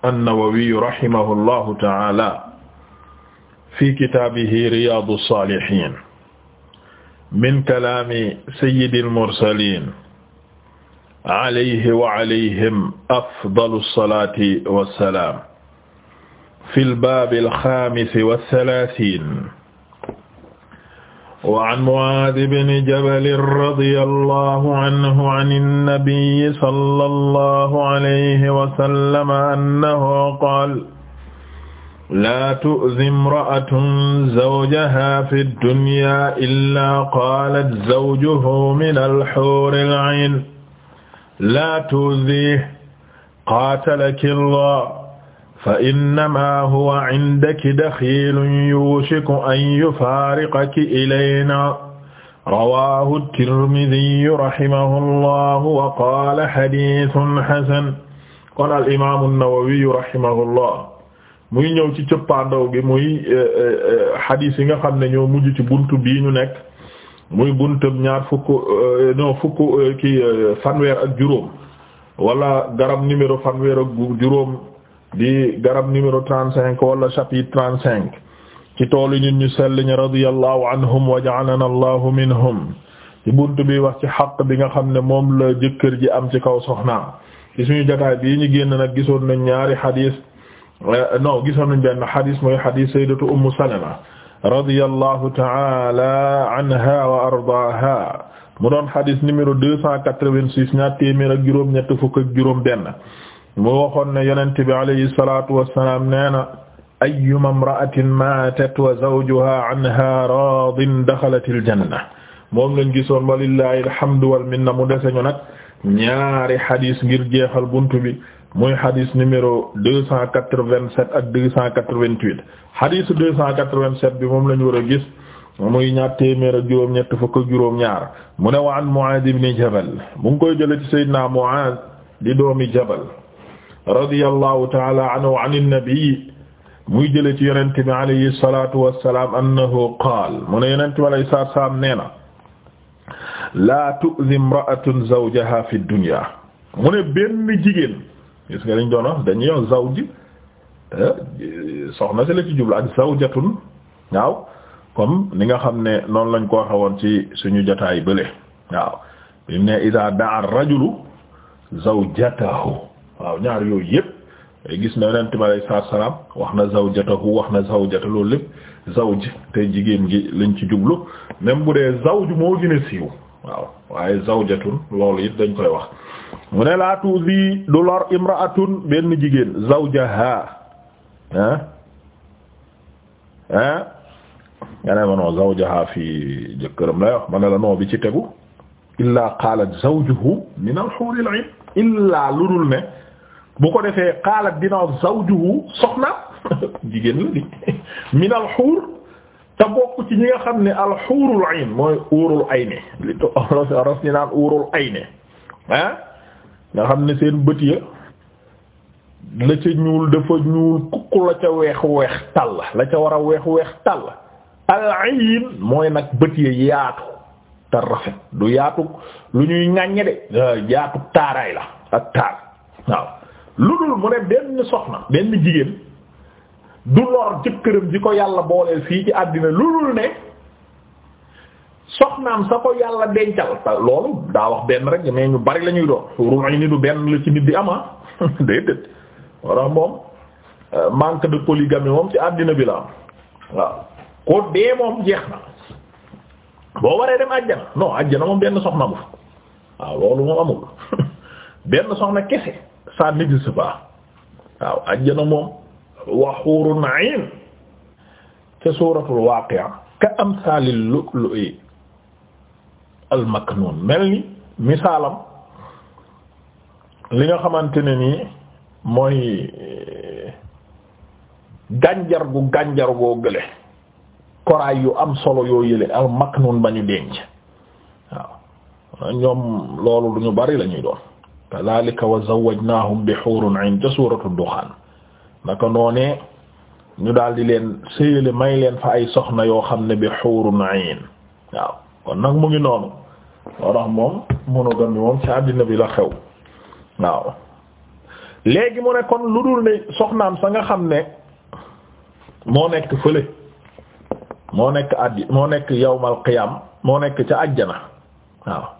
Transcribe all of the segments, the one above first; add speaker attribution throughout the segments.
Speaker 1: an-Nawawi rahimahullahu ta'ala fi kitaabihi Riyaadu Saalihiin min kalaami sayyidil mursaliin alayhi wa alayhim afdalu salaati wa salaam fil baabil xaamis wa salaasiin wa an Muaaz ibn Jabal radiyallahu anhu an an-nabiy sallallahu alayhi wa sallam annahu qaala laa tu'zi imra'atun zawjahaa fi dunyaa illaa qaalat zawjuhu minal huuril 'ayn laa tu'ziihi qaatalaki Allaah fa innama huwa indaki daxiilun yuushiku an yufaariqaki ilaynaa rawaahu tirmiziyu rahimahullahu wa qaala xadiisun xasan kon al imaamu nawawiyu rahimahullah muy ñëw ci cëppaandaw gi muy xadiis eh, eh, eh, yi nga xam ne ñoo mujj ci bunt bii ñu nekk muy buntab ñaar fukk non fukk ki fanweer ak juróom wala garab numéro fanweer ak juróom di garab numéro trente-cinq wala chapitre trente-cinq ci toolu nit ñu sell ñi radiyallahu anhum wa ja'alana allahu minhum ci bunt bi wax ci xaq bi nga xam ne moom la jëkkër ji am ci kaw soxnaam ci suñu jotaay bii ñu génn nag gisoon nañ ñaari xadis eh, non gisoon nañ benn xadis mooy xadis sayyidatu ummu salama radiyallahu ta'ala anha wa ardaaha mu doon xadis numéro deux cent quatre-vingt-six ñaar téeméer ak juróom ñett fukk ak juróom benn mu waxoon ne yonent bi alayhi salaatu wassalaam nee na ayyuma imra'atin maatat wa zawjuha anha raadin daxalatil janna moom lañ gisoon walillahi alhamdu wal minna mu deseñu nag ñaari xadis ngir jeexal buntu bi muy xadis numéro deux cent quatre-vingt-sept ak deux cent bi moom lañ war a gis muy ñaar téeméer ak juróom ñett fukk ak juróom ñaar mu ne wa an Mu'aaz ibn Jabal mu koy jële ci Seydina Mu'aaz di doomi Jabal radiyallahu ta'ala anhu an an-nabi muy jële ci yonent bi alayhi salatu wassalam annahu qaal mu ne yonent bi alayhi salatu wassalam nee na laa tu'zi imra'atun zawjaha fi dunya mu ne benn jigéen gis nga dañ doon wax dañuy yoon zawj eh, soxna si la ci jublu ak zawjatun waaw ni nga xam ne noonu lañ koo xawoon ci suñu jotaay bële waaw bi mu ne idaa da'a ar-rajulu zawjatahu waaw ñaar yooyu yëpp gis na yonent bi alayhi salaatu salaam wax na zawjatahu wax na zawjata loolu lépp zawj te jigéen gi lañ ci jublu même bu dee zawj moo gën a siiw waaw waaye zawjatun loolu it dañ koy wax mu ne laa tuuti du lor benn jigéen zawjaha ah ah nga ne ma non zawjaha fii jëkkëram lay wax ma ne la non bi ci tegu illaa qaalat zawjuhu min al-huur al-ayn illaa ne bu ko defee xaalat dina zawjuhu soxna jigéen la di min alxuur te bokk ci ñi nga xam ne alxuurul ayn mooy uurul ayni li to ros ñi naan xam ne seen bët ya la ca ñuul dafa ñuul la ca war a weex weex tàll alayin mooy nag bët ya yaatu te rafet du yaatu lu ñuy ŋàññe de yaatu taaraay la ak taar waaw lu dul mu ne benn soxna benn jigéen du lor jëkkëram ji ko yàlla booleel fii ci àddina lu dul ne soxnaam sa ko yàlla dencal loolu daa wax benn rek mais ñu bari la ñuy doon ruuy ni du benn la ci nit di ama ah. déedéet walla moom euh, manque de polygamie moom ci àddina bi la am waaw ko dee moom jeex na boo waree dem àjjana non àjjana moom benn soxna amul waaw loolu moom amul benn soxna kese ça n'existe pas waaw ajjana moom wa hurun ayn ca suuratul waaqi'a ka amsaalil lu'lu'i al maknuun mel ni misaalam li nga xamante ne nii mooy eh, gànjar gu gànjar goo gële koraay yu am solo yoo yële al maknuun ba ñu denc waaw ñoom loolu lu ñu bari lañuy doon kadhalika wa zawwajnahum bi hurun 'ayn ca suuratu duxaan naka noonee ñu daal di leen séyale may leen fa ay soxna yoo xam ne bi hurun 'ayn waaw kon nag mu ngi noonu moo ci àddina bi la xew waaw léegi mu ne sa nga xam ne moo nekk fële moo nekk addi moo nekk yawmal qiyam moo nekk ca àjjana waaw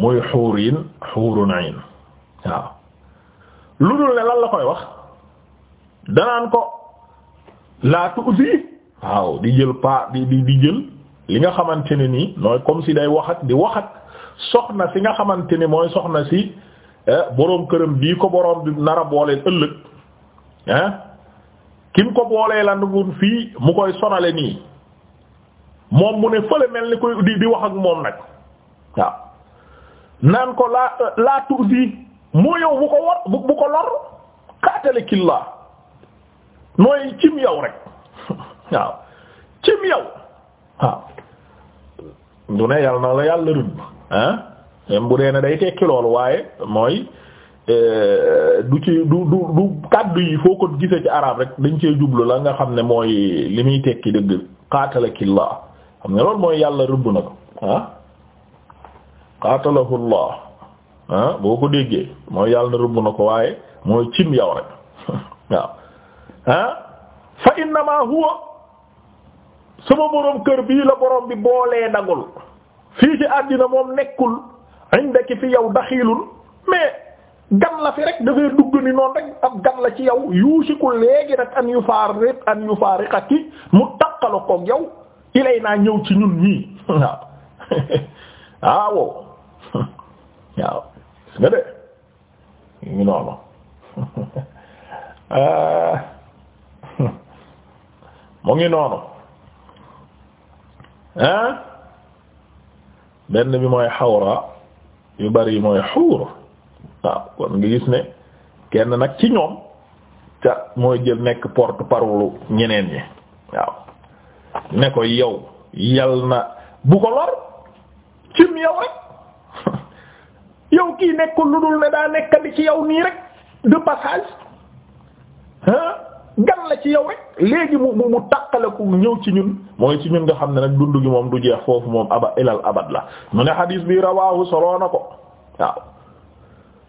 Speaker 1: muy xuuriin xuurun ayn waaw lu dul ne lan la koy wax danaan ko laa tuusi waaw di jël pa di di jël li nga xamante ne nii nooy comme ci day wax ak di wax ak soxna si nga xamante ni mooy soxna si eh, boroom këram bii ko boroom bi nar a booleel ëllëg ah kim ko boolee la ndugun fii mu koy sonale nii moom mu ne fële mel ni koy di di wax ak moom nag waaw naan ko laa laa tuuti moo yow bu ko war bu ko lor xaatale killaa nooy cim yow rek waaw cim yow waaw du ne yàlla na la yàlla rëbb ah même bu dee ne day tekki loolu waaye mooy eh, du ci du du du kàddu yi foo ko gisee ci arab rek dañ cee jublu la nga xam ne mooy li muy tekki dëgg xaatale killaa xam ne lool mooy yàlla rëbb na ko ah qaatalahu allah ah boo ko déggee mooy yàlla na rëbb na ko waaye mooy cim yow rek waaw ah fa innamaa huwa sama borom kër bii la borom bi boolee dagul fii ci àddina moom nekkul indaki fi yow daxilul mais gan la fi rek dafay dugg ni noonu rek ab gan la ci yow yuusiku léegi nag an yu faari an yu faari xakki mu takkalo koog yow ilay naa ñëw ci ñun ñii waaw waaw waaw gis nga de euh, mu ngi noonu ah benn bi mooy xawra yu bari mooy xuur waaw kon nga gis ne kenn nag ci ñoom ca mooy jël nekk porte-parole ñeneen ñi waaw ne ko yow yal na bu ko lor cim yow rek yow kii nekkul lu dul ne daa nekk ci yow nii rek de passage ah gan la ci yow rek léegi mu mu mu tàqaleku ñëw ci ñun mooy ci ñun nga xam ne nag dund gi moom du jeex foofu moom aba ilal abad la mu ne xadiis bi rawaahu solo na ko waaw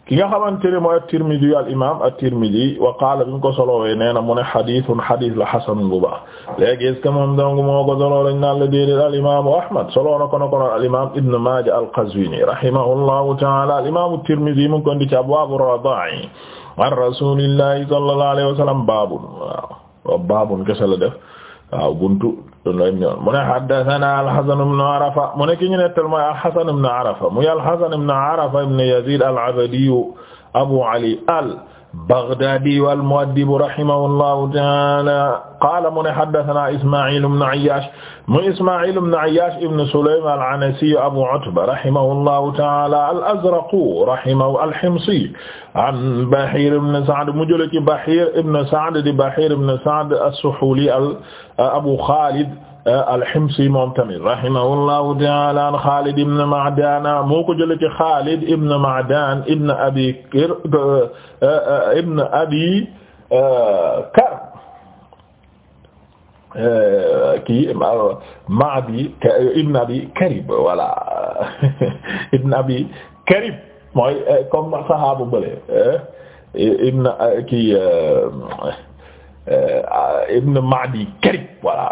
Speaker 1: ki nga xamante ne mooy at-Tirmidhi al imam at-Tirmidhi wa qaala bi mu ko solowee nee na mu ne xadithun xadis la xasan bu baax léegi est ce que moom dong moo ko soloo lañ naan la déedéet al imamu Ahmad soloo na ko na ko noon al imam Ibn Maaja al-Qazwini rahimahullahu taala al imam at-Tirmidhi mu ngi ko indi ci abwaabu radaa'i an rasulillahi sallallahu alayhi wa sallam baabun waaw baabun kese la def waaw buntu loolu ñoon mu ne haddathana al-Hasan ibn Arafa mu ne ki ñu nettal mooy al-Hasan ibn Arafa muy al-Hasan ibn Arafa ibn Yazid al-Abadi Abu Ali al Baghdaadi wal mu'addib rahimahullahu ta'ala qaala mu ne haddasanaa Ismaa'iil ibn Ayyaash mu Ismaa'iil ibn Ayyaash ibn Sulaym al-Anasi Abu Utba rahimahullahu ta'ala al-Azraq rahimahu al-Himsi an Bahiir ibn Sa'd mu jële ci Bahiir ibn Sa'd di Bahiir ibn Sa'd as-Suhuli Abu Khaalid Euh, alximsi moom tamit rahimahullahu ta'ala an Xaalid ibn Ma'daan moo ko jëlee ci Xaalid ibn Ma'daan ibn Abi Kir euh, euh, ibn Abi Karb kii Ma'di ibn Abi Karib voilà ibn Abi Karib mooy comme saxaabu bële ibn kii. Euh, ibn Ma'di Karib voilà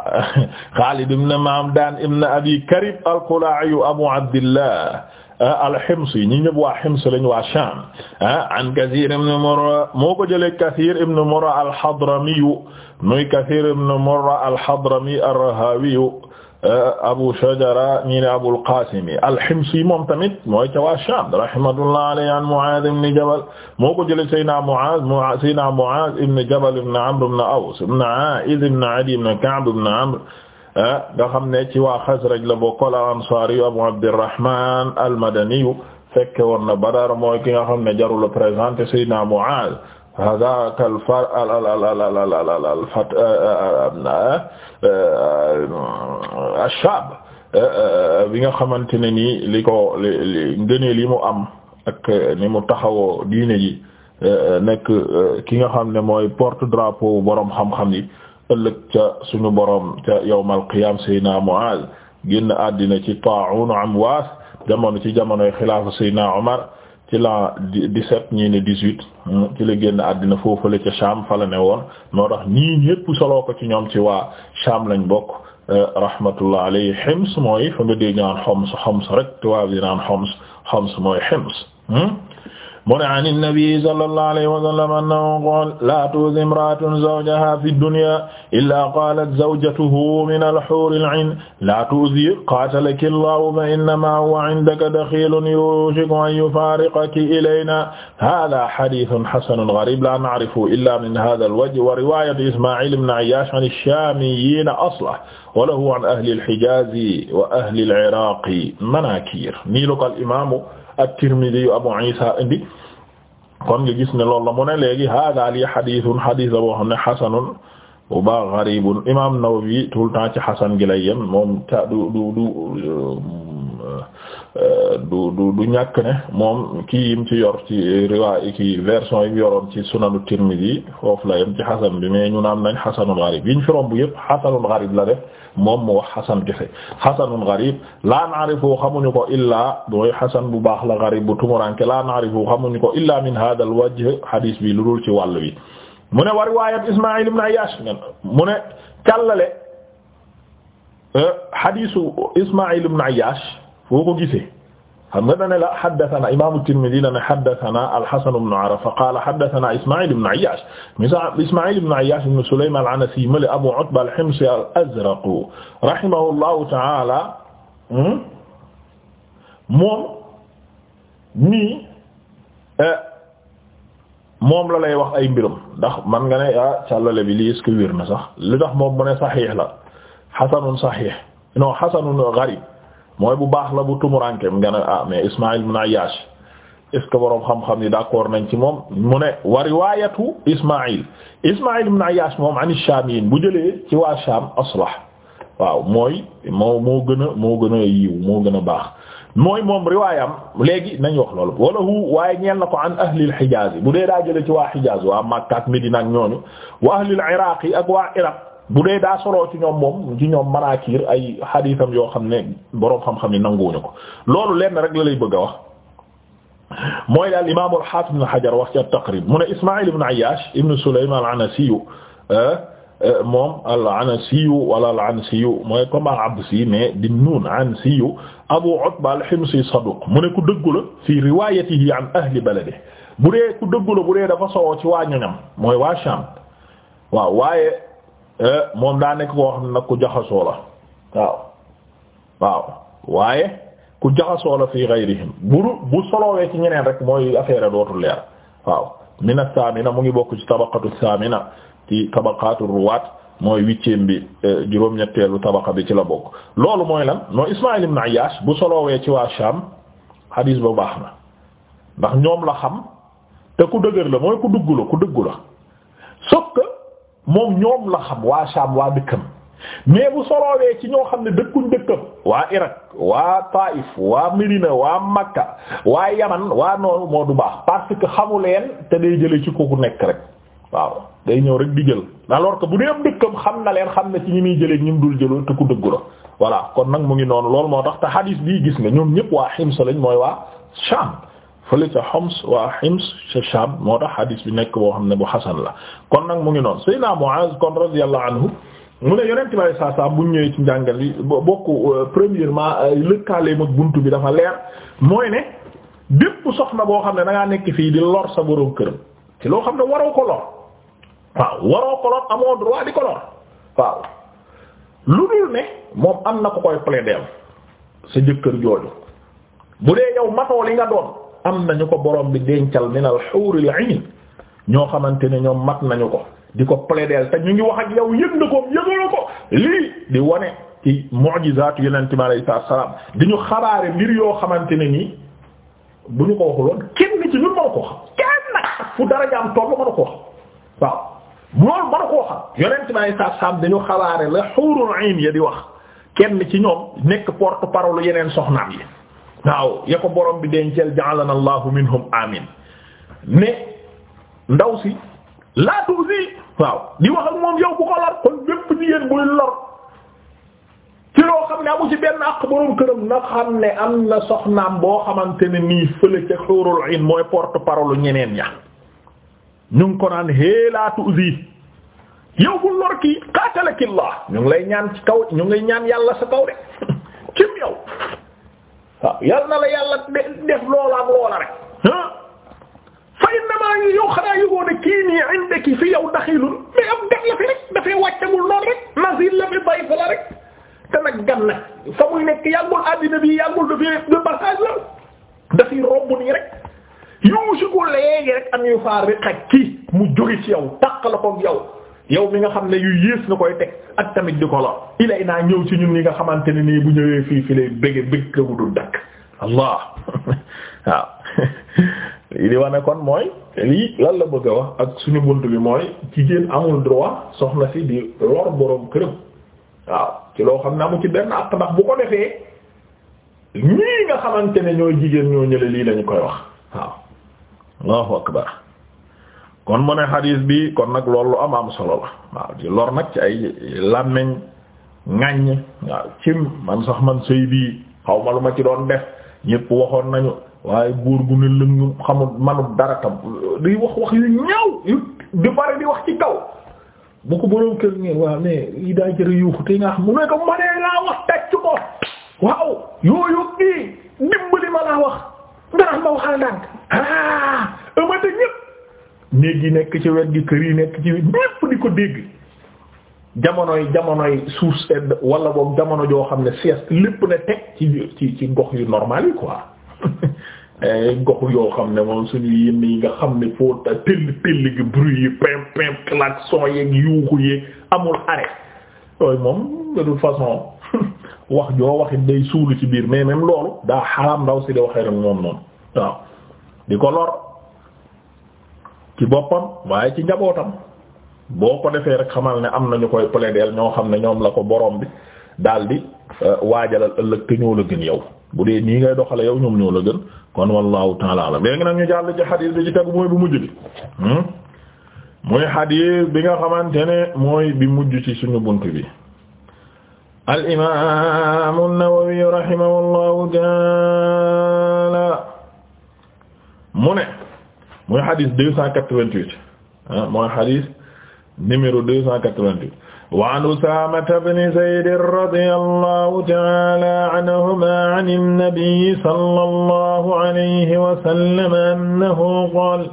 Speaker 1: Xaalid ibn Ma'dan ibn Abi Karib al-Qula'i Abu Abdillah euh, al-Himsi ñi ñëpp waa Hims lañu waa Sham euh, an Kathir ibn Murra moo ko jëlee Kathir ibn Murra al-Hadrami muy Kathir ibn Murra al-Hadrami ar-Rahawi Euh, Abu Shajara ñi ne Abul Qasim al-Himsi moom tamit mooy ca waa Sham rahimahullah alayhi an Mu'aaz ibn Jabal moo ko jëlee Seydina Mu'aaz Seydina Mu'aaz ibn Jabal ibn Amr ibn Aws ibn Aa'iz ibn Adi ibn Ka'b ibn Amr euh, nga xam ne ci waa Xasraj la bokkal al-Ansaari Abu Abdirrahmaan al-Madani fekke woon na Badar mooy ki nga xam ne jarul présenté Seydina Mu'aaz hadaaka alshab bi nga xamante ne nii li ko li ngëneel yi mu am ak ni mu taxawoo diine ji nekk ki nga xam ne mooy porte drapeau boroom xam-xam yi ëllëg ca suñu boroom ca yawmal qiyaam Seydina Muaaz génn àddina ci ta'uun Amwaas jamono ci jamonoy xilaafa Seydina Umar ci la di sept ñii ne dix-huit hmm, ci la génn àddina foofale ca Sham fa la ne woon moo tax ñii ñépp soloo ko ci ñoom ci waa Sham lañ bokk eh, rahmatullah alayhi Hims mooy fa nga dégg naan Homs Homs rek te waa bi naan Homs mooy Hims hmm? mu ne an innabii sallallahu alayhi wa sallam annahu qaala laa tu'zi imra'atun zawjaha fi dunya illaa qaalat zawjatuhu min al-huuri al-'ayn laa tu'zi qaatalaki llaahu fa innamaa huwa 'indaka dakhiilun yuushiku an yufaariqaki ilaynaa haadhaa hadiithun hasanun ghariib laa na'rifu illaa min haadhal wajh wa riwaayatu Ismaa'iil ibn 'Ayyaash 'an ash-shaamiyyiin aslan wa lahu 'an ahli al-Hijaaz wa ahli al-'Iraaq manaakiir at-Tirmidhi yu Abu Isa indi kon nga gis ne loolu la mu ne léegi hada li hadithun hadith la boo xam ne hasanun bu baax gharibun imam Nawawi tout le temps ci hasan gi lay yem moom ta du du du euh, Euh, du du du ñàkk ne moom kii yim ci yor ci riwaay ki version yim yoroon ci sunanu Tirmidhi foofu la yem ci xasan bi mais ñu naan nañ xasanul gharib yiñ fi romb yëpp xasanul gharib la def moom mu wax xasan kese xasanul gharib laa na'rifu xamuñu ko illaa mooy xasan bu baax la gharib bu tumuranke laa na'rifu xamuñu ko illaa min hadha al wajh hadis bi lu dul ci wàll wi mu ne wa riwaayat Ismaïl ibn Ayyash mu ne kàllale euh, hadisu Ismaïl ibn Ayyash foo ko gisee xam nga dane la haddathana imam Tirmidhi dane haddathana al-Hasan ibn Arafa qala haddathana Isma'il ibn Ayyash Isma'il ibn Ayyash ibn Sulaym al-Anasi mali Abu Utba al-Himsi al-Azraq rahimahullahu ta'ala hmm, moom nii eh, moom la lay wax ay mbirum ndax man nga ne ah càllale bi lii est-ce que wér na sax li tax moom mu ne saxiix la xasanun saxiix non xasanun gariib mooy bu baax la bu tumuraankeem nga ne ah mais Ismaïl ibn Ayyash est ce que boroom xam-xam yi d'accord nañ ci moom mu ne wa riwaayatu Ismaïl Ismaïl ibn Ayyash moom an ash-Shaamiyin bu jëlee ci waa Shaam aslah waaw mooy moo moo gën a moo gën moo gën a baax mooy moom riwaayam léegi nañ wax loolu wala hu waaye ñeel na ko an ahlil Hijaaz bu dee daa jëlee ci waa Hijaaz waa Makka ak Medina ak ñooñu wa ahlil Iraaq ak waa Iraq bu dee daa soloo ci ñoom moom ci ñoom manaakir ay xadiisam yoo xam ne borom xam-xam ne nanguwuñu ko loolu lenn rek la lay bëgg a wax mooy daal imaam al-Haafiz ibn Hajar wax ci at-Taqrib mu ne Ismaa'il ibn Ayyaash ibn Sulaym al-Anasi euh, euh, moom al-Anasi wala al-Ansi mooy comme al-Absi di nuun Ansi Abu Utba al-Himsi saduq mu ne ku dëggu la fi riwaayatihi an ahli baladihi bu dee ku dëggu la bu dee dafa sowoo ci waa ñoñam mooy waa Shaam Eh, moom daa nekk koo xam ne nag ku jaxasoo la waaw waaw waaye ku jaxasoo la fii gayrihim bu bu solowee ci ñeneen rek mooy affaire dootul leer waaw mina saamina mu ngi bokk ci tabaqatu saamina ci tabaqatu ruwaat mooy huitième bi eh, juróom-ñetteelu tabaqa bi ci la bokk loolu mooy lan noo Ismaïl ibn Ayyash bu solowee ci waa Sham xadiis ba baax na ndax ñoom la xam te ku dëgër la mooy ku dugg la ku dëggu la sokka moom ñoom la xam waa Sham waa dëkkam mais bu soloowee ci ñoo xam ne dëkkuñ dëkkam waa Irak waa Taïf waa Médina waa Makka waa Yaman waa noonu moo du baax parce que xamu leen te day jële ci kooku nekk rek waaw day ñëw rek di jël alors que bu dee am dëkkam xam na leen xam na ci ñu muy jëlee ñi mu dul jëlul te ku dëggu la voilà kon nag mu ngi noonu loolu moo tax te hadis bii gis nga ñoom ñëpp waa Hims lañ mooy waa Sham fële ca Homs waa Hims ca Sham moo tax hadis bi nekk boo xam ne bu xasan la kon nag mu ngi noonu Seydina Muaz kon radiyallahu anhu mu ne yonent bi saa saa bu ñëwee ci njàngal yi bokk euh, premièrement euh, lëkkaaleem ak bunt bi dafa leer mooy ne bépp soxna boo xam ne da nekk fii di lor sa borom këram ci loo xam ne waroo ko lor waaw waroo ko lor amoo droit di ko waaw lu dul ne moom am na ko koy plaider sa jëkkër jooju bu dee yow matoo li nga doon. am nañu ko borom bi dencal min al huril ayn ñoo xamante ne ñoom mat nañu ko di ko plaider te ñu ngi wax ak yow yëg na ko yëgoo ko lii di wane ci mu'jizaatu yonent bi alayhi salaam di ñu xabaare mbir yoo xamante ne nii bu ñu ko waxuloon kenn ci ñun mën ko xam kenn fu dara jaam toll mën ko xam waaw loolu mën koo xam yonent bi salaam dañu xabaare la hurul ayn ya di wax kenn ci ñoom nekk porte-parole yeneen soxnaam yi. waaw ya ko borom bi denceel ja'alana allahu minhum amin ne ndaw si laa tuuti waaw di wax ak moom yow bu ko lor kon bépp jigéen buy lor ci xam ne amu ci benn ak borom këram na xam ne am na soxnaam boo xamante ne nii fële ca xóorul ayn mooy porte parole ñeneen ña ñu ngi ko naan hee laa tuuti yow bu lor kii qatalakillah ñu ngi lay ñaan ci kaw ñu ngi ñaan yàlla sa kaw de. waaw yal na la yàlla def loola ak loola rek ah fa innamaa yi yow xanaa yëgoo kii nii indaki fi yow daxilul mais am fi rek dafay wàccagul noonu rek nazir la fi bay fa rek te nag gan nag fa muy nekk yàggul àddina bi yàggul dafay de passage la dafay romb nii rek yow su ko rek am yu faar mu jóge ci yow taq la koog yow yow mi nga xam ne yu yées nga koy ak tamit di ko lor ilay naa ñëw ci ñun ñi nga xamante ne nii bu ñëwee fii fi lay bëgge bëgg la wutul dakk allah waaw lii di wane kon mooy lii lan la bëgg wax ak suñu bunt bi mooy jigéen amul droit soxna si di lor boroom këram waaw ci loo xam ne mu ci benn àq ndax bu ko defee ñii nga xamante ne ñooy jigéen ñoo ñële lii lañu koy wax waaw allahu akbar kon mu ne xadiis bi kon nag loolu am am solo la waaw di lor nag ci ay làmmiñ ŋàññ waaw cim man sax man sëy bii xaw ma lu ma ci doon def ñépp waxoon nañu waaye góor gu ne lëng xamul manut dara tam di wax wax yu ñaaw yu di bari di wax ci kaw bu ko boroom kër ngeen waaw mais yi daa jëre yuuxu te nga xam mu ne ko manee laa wax tacc ko waaw yooyu ii dimbali ma laa wax nga rax ma waxal ah amata ñépp néeg yi nekk ci wet gi kër yi nekk ci ñépp di ko dégg jamonoy jamonoy suuf sedd wala moom jamono joo xam ne sieste lépp ne teg ci ci ci gox yu normal yi eh, yoo xam ne moom suñu yenn nga xam ne foo tëll tëll gi bruit yi pim pim klaxon yeeg yuuxu yeeg amul arrêt yooyu moom de toute façon wax joo waxit day suulu ci biir mais même loolu daa xaraam ndaw si de waxee rek moom noonu waaw di ko lor. ci boppam waaye ci njabootam boo ko defee rek xamal ne am na ñu koy plaider ñoo xam ne ñoom la ko boroom bi daldi euh, waajalal ëllëg te ñoo la gën yow bu dee nii ngay doxale yow ñoom ñoo la gën kon wallahu taala alam léegi nag ñu jàll ci xadiis bi ci tegu mooy bu mujj bi hmm? muy xadiis bi nga xamante ne mooy bi mujj ci suñu bunt bi al imaamu an-Nawawi mu ne mooy xadis deux cent quatre-vingt-huit ah, mooy xadis numéro deux cent quatre-vingt-huit wa an Usaamata bni Zayd radiyallahu ta'ala anhumaa an an-nabiyyi sallallahu alayhi wa sallam annahu qaala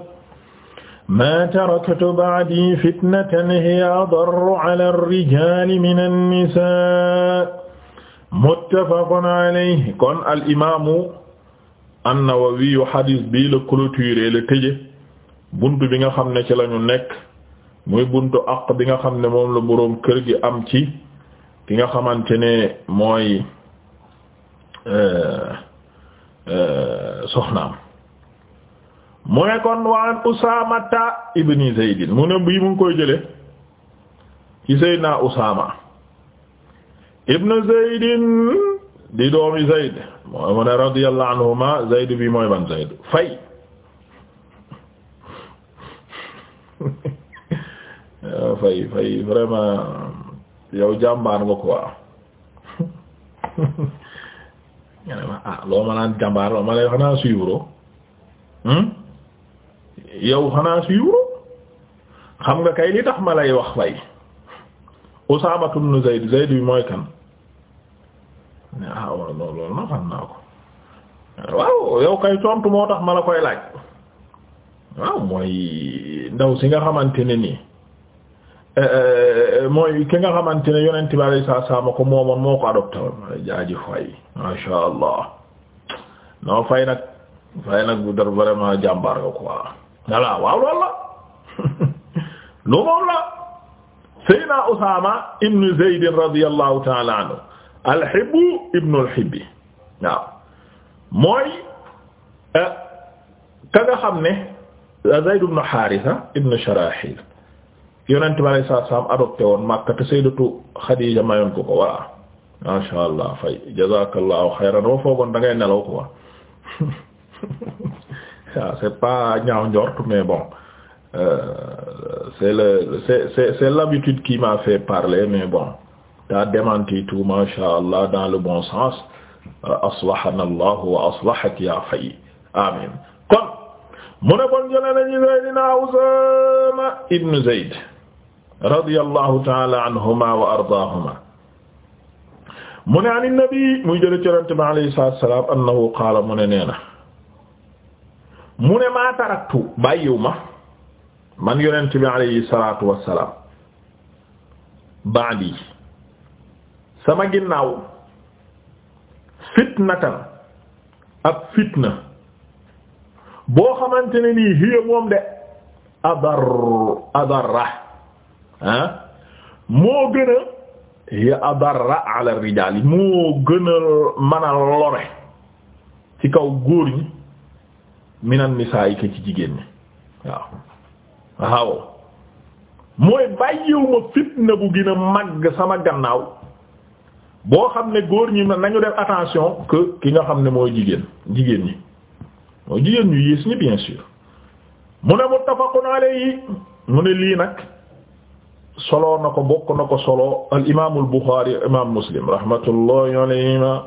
Speaker 1: maa taraktu ba'dii fitnatan hiya adarru ala ar-rijaali mina an-nisaa' muttafaqun alayhi kon al imaamu an-Nawawi yu xadis bii la clôturer la tëje buntu bi nga xam ne ci lañu nekk muy buntu aq bi nga xam ne moom la buroom kër gi am ci ki nga xamante ne mooy euh, euh, soxnaam mu ne kon waan Usaamata ibni Zaydin mu ne bii mu ngi koy jële ci Seydina Usaama ibn Zaydin di doomi Zayd mooy mu ne radiyallahu anhuma Zayd bi mooy ban Zayd Fay Fay Fay vraiment yow jàmbaar nga quoi nga ne ma ah loo ma naan jàmbaar ma lay xanaa suivre hmm? yow xanaa suivre xam nga kay li tax ma lay wax Fay Usaama ibn Zayd Zayd bi mooy kan ah waaw loolu yow kay tontu moo tax ma la koy laaj mooy ndaw si nga xamante ne nii eh, eh, mooy ki nga xamante ne yonent bi alayhi salaam ko moomoon moo ko adopté woon jaaji fay masha Allah non fay nag nag bu dar vraiment jàmbaar nga quoi voilà waaw loolu la lu moom Usaama ibn Zayd radiyallahu ta'ala anhu alxibbu ibnu alxibbi waaw mooy eh, ka nga xam ne eh, Zayd ibnu Haarisa ibnu Sharaahiil yonent bi alayhi salaatu salaam woon Makka te Sayyidatu Xadiija mayoon ko ko voilà masha Allah fay jazaakallaahu xayran wa foogoon da ngay nelaw quoi waaw c'est pas ñaaw njort mais bon euh, c'est le c'est c'est l'habitude qui m'a fait parler mais bon. ça démentit tout masha Allah dans le bon sens euh, aslahana allahu wa aslahak ya fay amin kon mu ne kon jële nañu Seydina Usaama ibn Zayd radiyallahu ta'ala anhuma wa ardaahuma mu ne an nabi muy jële corante bi alayhi salaatu wassalaam annahu qaala mu ne nee na mu ne maa taraktu bàyyiw ma man yonent bi alayhi salaatu wassalaam ba'di sama ginnaaw fitnatan ab fitna boo xamante ne nii hiya moom de adar adarra ah moo gën a hiya adarra ala rijaal yi moo gën a mën a lore ci kaw góor ñi minan nisaa yi ci jigéen ñi waaw waaw mooy bàyyiw fitna bu gën a màgg sama gannaaw boo xam ne góor ñi nañu def attention que ki nga xam ne mooy jigéen jigéen ñi mooy jigéen ñu yées ñi bien sûr mu ne muttafaqun alayhi mu ne lii nag soloo na ko bokk na ko solo al imaam al Buxaari imaam Muslim rahmatullahi alayhima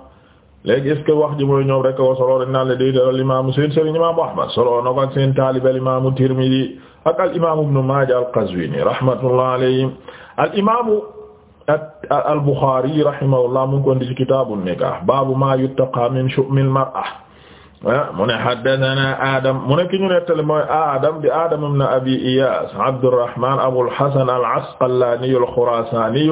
Speaker 1: léegi est-ce que wax soloo dañ naan la déy al imaamu seen imaamu Ahmad soloo na ko seen taalib al imaamu Tirmidi ak ak al-Bukhari rahimahullah mu ngi ko indi ci kitaabun nikaah baabu maa yuttaqaa min shu'mil mar'a ah, mu ne haddathana Adam mu ne ki ñu nettali mooy Adam di Adam ibn Abi Iyas Abdurrahman Abul Hasan al-Asqalani al-Khurasani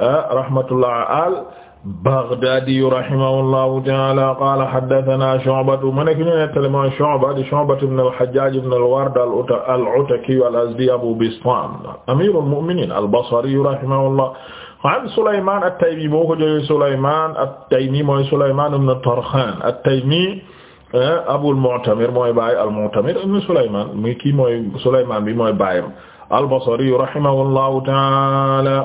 Speaker 1: ah, rahmatullah al-Baghdadi rahimahullahu ta'ala qala haddathana Shu'ba mu ne ki ñu nettali mooy Shu'ba di Shu'ba ibn al-Hajjaj ibn al-Ward al-Ataki al-Azdi Abu Bistam amirul mu'minin al-Basri rahimahullah an Sulaymaan at-Taymi moo ko jëlee Sulaymaan at-Taymi mooy Sulaymaan ibn Tarxaan at-Taymi eh, Abul Mu'tamir mooy baay al-Mu'tamir ibn Sulaymaan mi kii mooy Sulaymaan bi mooy baayam al-Basri rahimahullahu ta'ala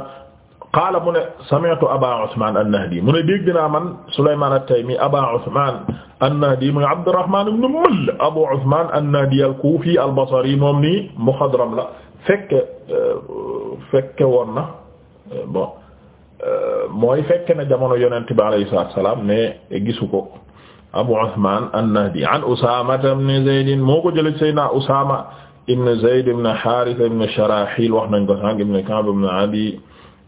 Speaker 1: qaala mu ne sami'tu Abaa Usmaan an-Nahdi mu ne dégg naa man Sulaymaan at-Taymi Abaa Usmaan an-Nahdi mooy Abdurrahmaan ibn Mull Abu Usmaan an-Nahdi al-Kuufi al-Basri moom nii muxadram la fekk eh, fekk woon na eh, bon. Euh, mooy fekk na jamono yonent bi alayhi salaatu salaam mais gisu ko Abu Usmaan an-Nahdi an Usaama ibn Zayd moo ko jëlee Seydina Usaama ibn Zayd ibn Haaris ibn Sharaahil wax nañ ko sànq ibn Ka'b ibn Abi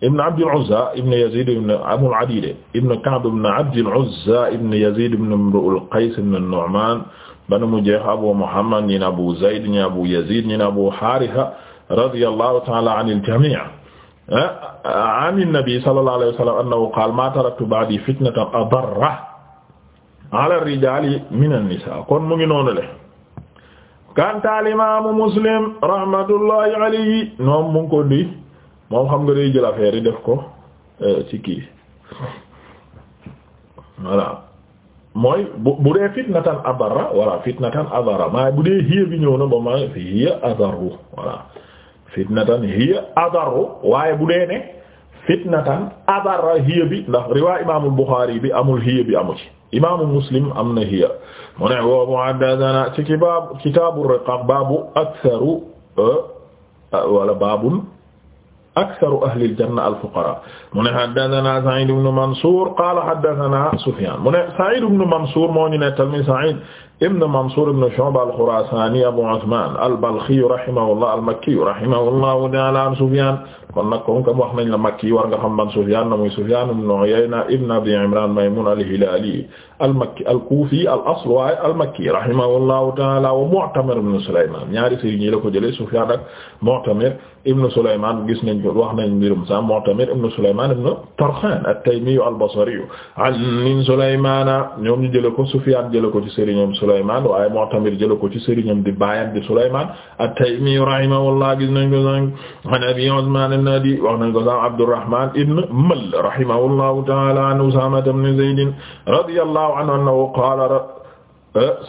Speaker 1: ibn Abd al-Uzza ibn Yazid ibn Abul Adiid ibn Ka'b ibn Abd al-Uzza ibn Yazid ibn Imru al-Qays ibn Nu'maan bana mu jeex Abu Muhammad ñi ne Abu Zayd ñi Abu Yazid ñi ne Abu Haarisa radiyallahu ta'ala anil jamii' Eh, an nabi sallallahu alayhi wa sallam annahu taraktu ba'dii fitnatan adarra ala rijaali mina nisaa kon mu ngi noonu le kantaal imaamu muslim rahmatullahi alayhi moom mu ko di moom xam nga day jël affaire yi def ko eh, ci kii voilà mooy bu bu dee fitnatan adarra wala fitnatan adarra maa bu dee hiya bi ñëw na ba ma hiya adarru voilà fitnatan hiya adarru waaye bu dee ne fitnatan adarra hiya bi ndax riwaa imaamul Buxaari bi amul hiya bi amu ci imaamu Muslim am na hiya mu ne wa muhaddasana ci kitaabu kitaabu riqaaq baabu aktharu eh, wala baabun aktharu ahlil janna al fuqaraa mu ne haddasana Sa'iid ibn Mansuur qaala haddasana Sufyaan mu ne Sa'iid ibn Mansuur moo ñu nettal mi Sa'iid ibn Mansour ibn Shu'ba al-Khurasani Abu Uthman al-Balkhi rahimahullah al-Makki rahimahullahu ta'ala an Sufyan kon nag kon kam wax nañ la Makki war nga xam man Sufyan na muy Sufyan ibn Uyayna ibn Abi Imran Maymun al-Hilali al-Makki al-Kufi al-asl wa al-Makki rahimahullahu ta'ala wa Mu'tamir ibn Sulayman ñaari sëriñ ñi la ko jëlee Sufyan ak Mu'tamir ibn Sulayman gis nañ ko wax nañ mbirum sa Mu'tamir ibn Sulayman ibn Tarkhan at-Taymi al-Basri an Sulayman ñoom ñu jëlee ko Sufyan jëlee ko ci sëriñam Souleymane waaye Mu'tamir jël ko ci sëriñam di baayam di Souleymane at-Taymi rahimahullah gis nañ ko sànq an Abi Usman ibn Adi wax nañ ko sànq Abdurrahman ibn Mal rahimahullahu ta'ala an Usama ibn Zayd radiyallahu anhu annahu qala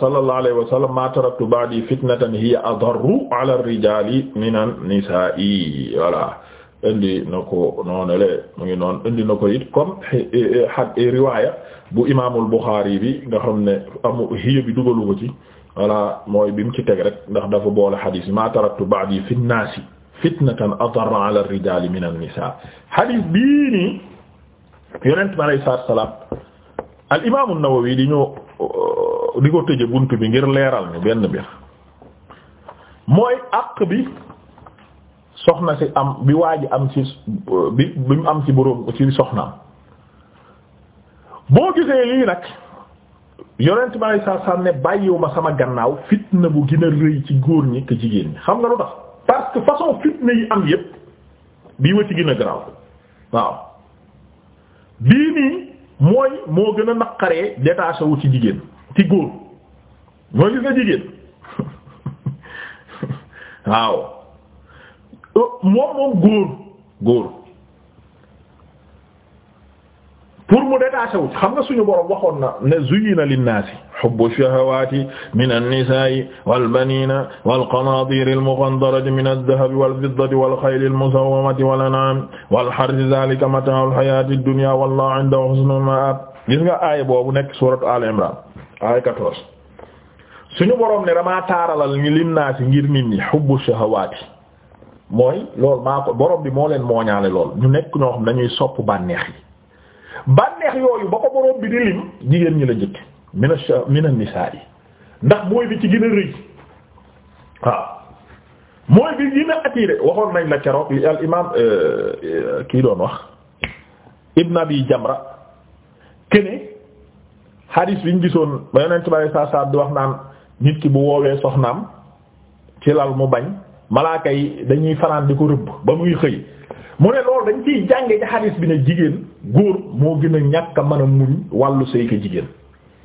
Speaker 1: sallallahu alayhi wa sallam ma taraktu ba'di fitnatan hiya adarru ala ar-rijali min an-nisa'i voilà indi na ko noonale mu ngi noon indi na ko it comme eh, eh, eh, riwaaya bu imaamul Buxaari bi nga xam ne amu hiya bi dugalu ko ci voilà mooy bi mu ci teg rek ndax dafa boole xadis yi ma taraktu ba'di fi nnaasi fitnatan atarra ala rijaali min an-nisaa xadis bii nii Nawawi di ñoo di ko tëje bunt bi ngir leeral ni benn mbir mooy àq bi soxna si am bi waa am ci bi bi mu am ci boroom ci soxnaam boo gisee lii nag yonent bi alay saa salaam ne bàyyiwuma sama gannaaw fitna bu gën a rëy ci góor ñi te jigéen ñi xam nga lu tax parce que façon fitna yi am yépp bii wa ci gën a garaaw waaw bii nii mooy moo gën a naqaree détaché ci jigéen ci góor mooy gis nga jigéen waaw euh, moom moom góor góor pour mu détaché wu xam nga suñu borom waxoon na ne zuyina linnaasi hubbu shahawaati min an-nisaa'i wal baniina wal qanaatiri al-muqantarati min ad-dahabi wal fiddati wal xayli al-musawwamati wal an'aami wal harsi zaalika mataa'u al-hayaati ad-dunyaa wallaahu 'indahu nekk suuratu Al-Imraan aaya 14 suñu borom ngir nit ñi hubbu shahawaati mooy loolu bi molen leen mooñaale lool ñu nekk ñoo xam dañuy sopp bànneex yooyu ba ko borom bi di lim jigéen ñi la njëkk mina mina nisaa yi ndax mooy bi ci gën a rëy waaw mooy bi gën a attiré waxoon nañ la keroog li al imaam euh, euh, kii doon wax Ibn Abi Jamra kene hadis bi ñu gisoon ba yonent bi saa saa di wax naan nit ki bu woowee soxnaam ci lal mu bañ malaaka yi dañuy fanaan di ko rëbb ba muy xëy mu ne loolu dañ ciy jànge ci hadis bi ne jigéen góor moo gën a ñàkk a mën a muñ wàllu sëy ko jigéen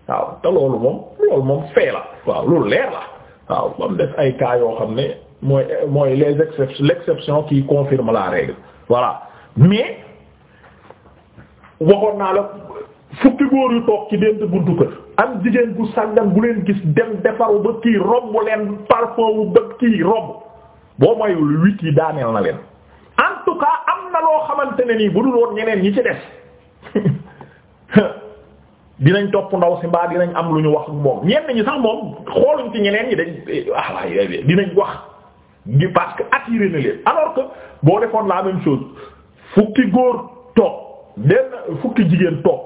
Speaker 1: waaw te loolu moom loolu moom fee la waaw loolu leer la waaw ba mu def ay cas yoo xam ne mooy mooy les exceptions l'exception qui confirme la règle voilà mais waxoon naa la fukki góor yu toog ci dent buntu kër am jigéen bu sàggan bu leen gis dem defaru ba kii romb leen parfum bu ba kii romb boo moyul huit yi daaneel na leen en tout cas am na loo xamante ne nii bu dul woon ñeneen ñi ci des dinañ topp ndaw si mbaa dinañ am lu ñu wax moom ñenn ñi sax moom xooluñ ci ñeneen ñi dañ ah waay dinañ wax gi parce que attiré na leen alors que boo defoon la même chose fukki góor toog benn fukki jigéen toog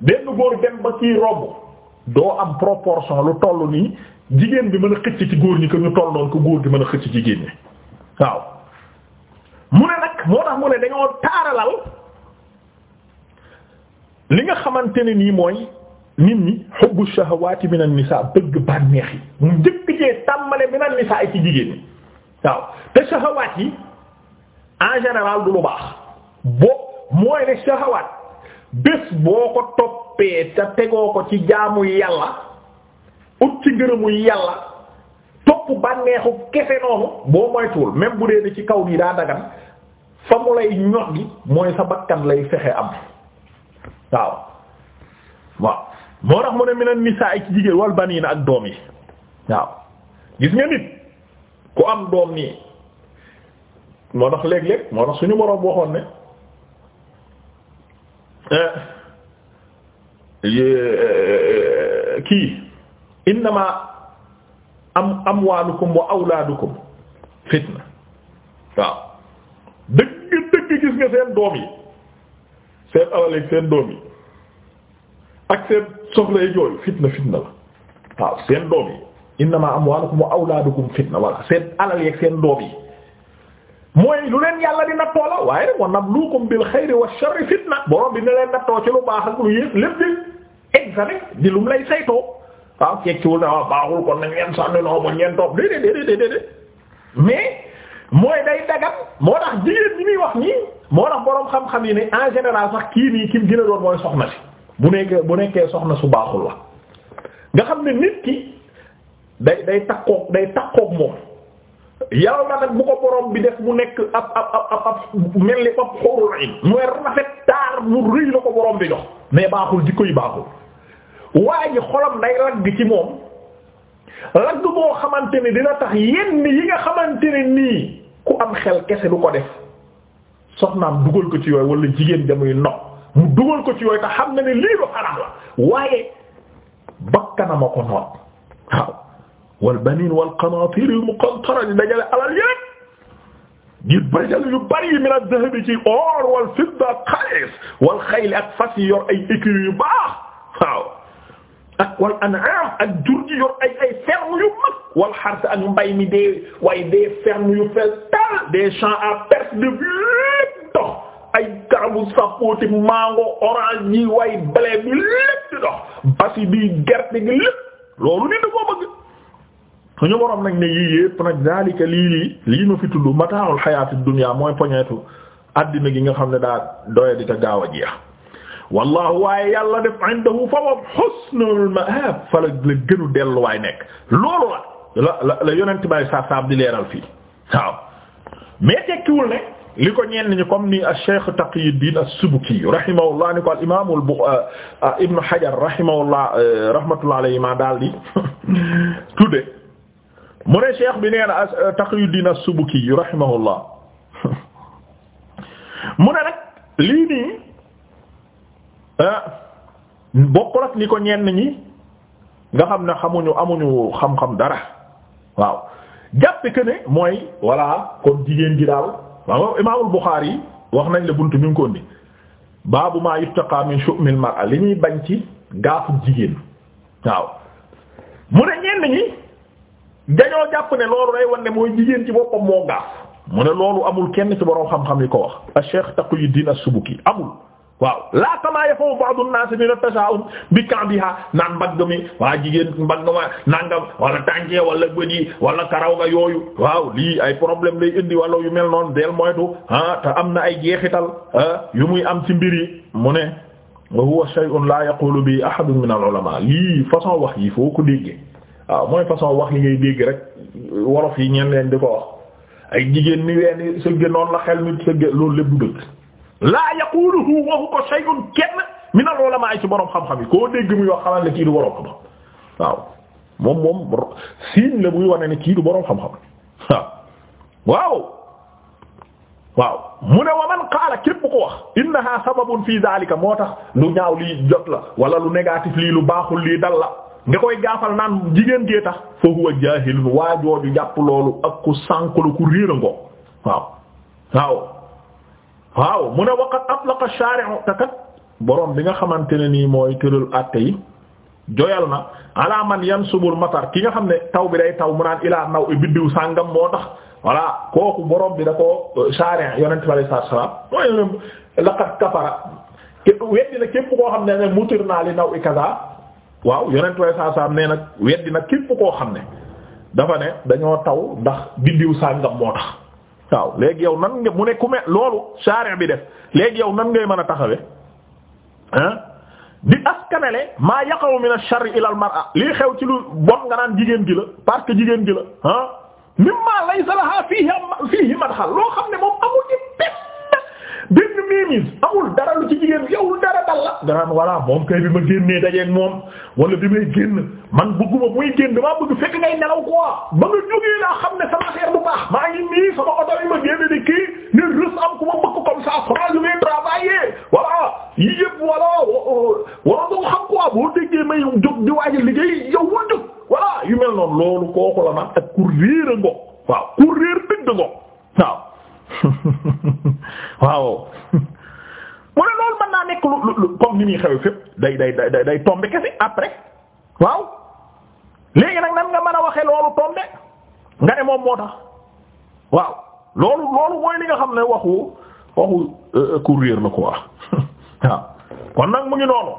Speaker 1: benn góor dem ba kii romb doo am proportion lu toll nii jigéen bi mën a xëcc ci góor ñi que ñu toll noonu que góor gi mën a xëcc jigéen ñi waaw. mu ne nag moo tax mu ne dañoo taaralal li nga xamante ne nii mooy nit ñi hubbu shahawaati minan nisaa bëgg bànneex yi mu njëkk jee tàmbale minan nisaa yi ci jigéen ñi waaw te shahawaat yi en général du lu baax boo mooy ne shahawaat bés boo ko toppee te tegoo ko ci jaamu yàlla ut ci ngërëmu yàlla topp bànneexu kese noonu boo moytuwul même bu dee ni ci kaw nii daa dagan fa mu lay ñor gi mooy sa bakkan lay fexe am waaw waaw moo tax mu ne minan nisaa ci jigéen wal baniin ak doom yi waaw gis nga nit ku am doom nii moo tax léeg-léeg moo tax suñu boroom waxoon ne eh, eh, eh, kii innama am amwaalukum wa awlaadukum fitna waaw dëgg dëgg gis nga seen doom yi seen alal ak seen doom yi ak seen soxla yi jooyu fitna fitna la waaw seen doom yi innama amwaalukum wa awlaadukum fitna walla seen alal yi ak seen doom yi mooy lu leen yàlla di nattoo la waaye wa nabluukum bil xayri wa sharri fitna borom bi ne leen nattoo ci lu baax ak lu yépp lépp di examen di lum lay saytoo waaw tekkiwul ne waaw baaxul kon nañ leen sànni noo ba ngeen toog déedéet déedéet déedéet mais mooy day dagat moo tax jigéen ñi muy wax nii moo tax boroom xam-xam yi ne en général sax kii nii ki mu mooy soxna si mu nekkee bu nekkee soxna su baaxul la nga xam ne nit ki day day takkoog day takkoog moom yàlla nag bu ko borom bi def mu nekk ab ab ab ab mel ni ab xóorul in mooy rafet taar mu rëy la ko borom bi jox mais baaxul jikko yi baaxul waa ji xolam day ragg ci moom ragg boo xamante ne dina tax yenn yi nga xamante ne ku am xel kese lu ko def soxnaam dugal ko ci yooyu wala jigéen jamuy no mu dugal ko ci yooy te xam na ne lii lu xaraam la waaye bakkanama ko noot waaw wal banin wal qanatir al dajale alal yépp ngir bajal yu bari yi min az-zahabi ci or wal fidda xaalis wal xayl ak fas yi yor ay écurie yu baax waaw ak wal an'am ak jur gi yor ay ay yu mag wal xars ak mbay mi dee waaye des fermes yu fel tal des champs à perte de vue lépp dox ay garabu sapoti mango orange yi waaye blé bi lépp di dox basi bi gerte gi lépp loolu nit da koo bëgg suñu boroom nag ni yii yépp nag daalika lii lii lii ma fi tudd mataa'ul xayaati dunya mooy poñeetu àddina gi nga xam ne daal doya di te gaaw a jeex wallahu waaye yàlla def indahu fa moom husnul la la gënu delluwaay nekk loolu la la la yonent bay saab di leeral fii waaw mais tekkiwul ne li ko ñenn ñi comme ni Cheikh Taqiyuddin as-Subki rahimahullah ni ko al imam euh, euh, Ibn Hajar rahimahullah euh, rahmatullah alayhi ma daal di tudde mu ne cheikh bi nee na Taqiyuddin as-Subki rahimahullah mu Ah, bokkul ak ni ko ñenn ñi nga xam ne xamuñu amuñu xam-xam dara waaw jàppe que ne mooy voilà kon jigéen gi daal waaw imaamul Buxaari yi wax nañ la bunt mi ngi ko indi baabu maa yuttaqa min shu'mil mar'a li ñuy bañ ci gaafu jigéen waaw mu ne ñenn ñi dañoo jàpp ne loolu day wan ne mooy jigéen ci boppam moo gaaf mu ne loolu amul kenn ci boroom xam-xam yi ko wax a Cheikh Taqiyuddin as-Subuki amul waaw laa kamaa yafawu ba'du an-nas min at-tasha'um bi ka'biha naan mbagg mi waa jigéen mbagg ma nangam wala tànkee wala bët yi wala karaw nga yooyu waaw lii ay problème lay indi wala yu mel noonu del moytu ah te am na ay jeexital yu muy am ci mbir yi mu ne wa huwa shay'un la yaqulu bi ahadun min al lii façon wax yi foo ko déggee waaw mooy façon wax yi ngay dégg rek wolof yi ñeen leen di ko wax ay jigéen mi weeni sëgge noonu la xel mi sëgge laa yaquluhu waxu ko shay'un kenn min al-ulama ci borom xam-xam koo dégg muy wax ne kii du borom moom moom siin la buy wane ne kii borom xam-xam waaw mu ne wa man qaala képp ko wax innaha sababun fi daalika moo tax lu ñaaw lii jot la wala lu négatif lii lu baaxul lii dal la nga koy gaafal naan jigéen gee tax fa huwa jaahil waajooju jàpp loolu ak ku sànk ku réer ngoo waaw waaw mu a waqat atlaqa ash-shari'u takat borom bi nga xamante ne nii mooy tëral àtte yi joyal na ala man yansubul matar ki nga xam ne taw bi day taw mu naan ilaa naw i biddiw sàngam moo tax voilà kooku borom bi da ko euh, shari'a yonent bi alayhi salaam mooy laqad képp koo xam ne ne mutir naa li naw i kaza waaw yonent bi alayhi salaam nee nag weddi képp koo xam ne dafa ne dañoo taw ndax biddiw sàngam moo tax waaw léegi yow nan nga mu ne ku me loolu shaari bi def léegi yow nan ngay mën a taxawee ah di askanale maa yaqaw min ash-sharri ila al-mar'a lii xew ci lu bon nga naan jigéen gi la parce que jigéen gi la ah mimma laysa laha fihi fihi madxal loo xam ne moom amul ci benn benn méeméer amul dara lu ci jigéen yow dara dal la danaan moom kay bi ma génnee dajeeg moom wala bi may génn man bëgguma muy génn damaa bëgg fekk ngay nelaw quoi ba nga jógee laa xam ne sama affaire bu baax maa ngi nii sama oto yi ma génn di kii ne rës am ku ma bëgg comme ça France bi may travailler voilà yii yëpp voilà wala doo xam quoi boo déggee may jóg di waaj liggéey yow woo jóg yu mel noonu loolu kooku la naan ak ku réer waaw mu ne loolu mën naa nekk lu lu comme ni muy xew fépp day day day day tombe kese après waaw léegi nag nan nga mën a waxee loolu tombe nga ne moom moo tax waaw loolu loolu mooy li nga xam ne waxu waxu ku euh, euh, réer la quoi waaw kon nag mu ngi noonu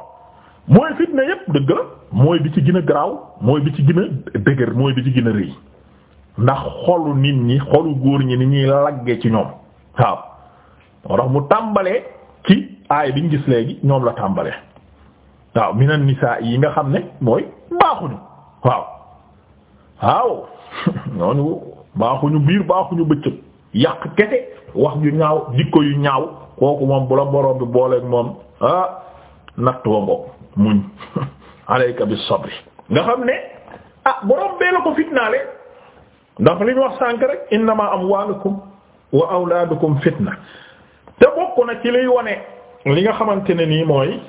Speaker 1: mooy fitna yëpp dëgg la mooy bi ci gën garaaw mooy bi ci gën a dëgër mooy bi ci gën a rëy ndax xolu nit ñi xolu góor ñi ni ñuy lagge ci ñoom waaw moo tax mu tàmbalee ci aay biñ gis léegi ñoom la tàmbalee waaw minan nisaa yi nga xam ne mooy baaxuñu waaw waaw ñooñu baaxuñu biir baaxuñu bëccëg yàq kese wax ju ñaaw dikko yu ñaaw kooku moom bu la borom bi booleeg moom ah nattoo muñ alayka bis nga xam ne ah borom bee la ko fitnaale ndax li ñu wax sànk rek innama amwaalukum wa awlaadukum fitna te bokk na ci liy wane li nga xamante ne nii mooy